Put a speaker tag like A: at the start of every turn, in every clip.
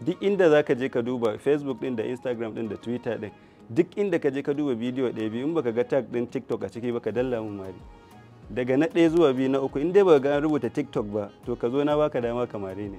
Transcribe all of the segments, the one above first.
A: duk inda za ka je ka duba facebook din da instagram din da twitter din duk inda ka je ka duba bidiyo ɗaya biyu in baka ga tag din tiktok a ciki baka dalla mun mari daga na ɗaya zuwa biyu na uku in dai baka ga rubuta tiktok ba to ka zo na baka dama ka mari ne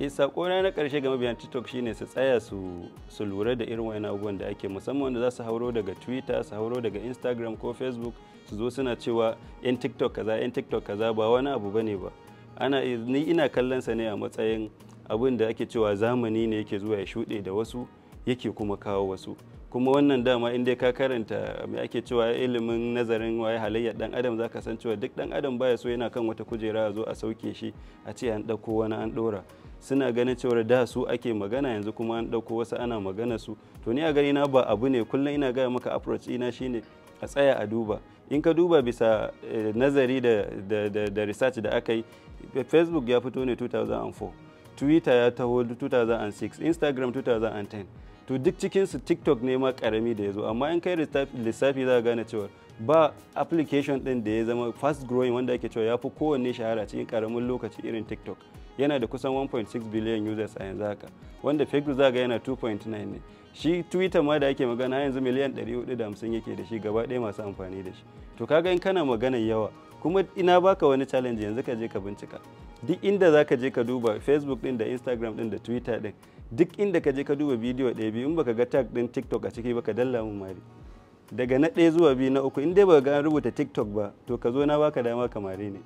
A: eh, e sako na karshe game biyan tiktok shine su tsaya su su lura da irin wani abubuwan da ake musamman wanda za su hauro daga twitter su hauro daga instagram ko facebook su zo suna cewa yan tiktok kaza yan tiktok kaza ba wani abu bane ba ana ni ina kallon sa ne a matsayin abin da ake cewa zamani ne yake zuwa ya shuɗe da wasu yake kuma kawo wasu kuma wannan dama inda ka karanta mai ake cewa ilimin nazarin waye halayya dan adam zaka san cewa duk dan adam baya so yana kan wata kujera a zo a sauke shi a ce an ɗauko wani an ɗora suna ganin cewa da su ake magana yanzu kuma an dauko wasu ana magana su to ni a gani na ba abu ne kullum ina gaya maka approach ina shine a tsaya a duba in ka duba bisa eh, nazari da, da, da, research da aka yi facebook ya fito ne 2004 twitter ya taho 2006 instagram 2010 to duk cikinsu tiktok ne ma karami da ya zo amma in kai lissafi za gane cewa ba application din da ya zama fast growing wanda ake cewa ya fi kowanne shahara cikin karamin lokaci irin tiktok yana da kusan 1.6 billion users a yanzu haka wanda facebook za ga yana 2.9 ne shi twitter ma da ake magana yanzu miliyan 450 yake da shi gaba ɗaya masu amfani da shi to kaga in kana magana yawa kuma ina baka wani challenge yanzu ka je ka bincika duk inda za ka je ka duba facebook din da instagram din da twitter din duk inda ka je ka duba bidiyo ɗaya biyu in baka ga tag din tiktok a ciki baka dalla mu mari daga na ɗaya zuwa biyu na uku in dai baka ga rubuta tiktok ba to ka zo na baka dama ka mare ne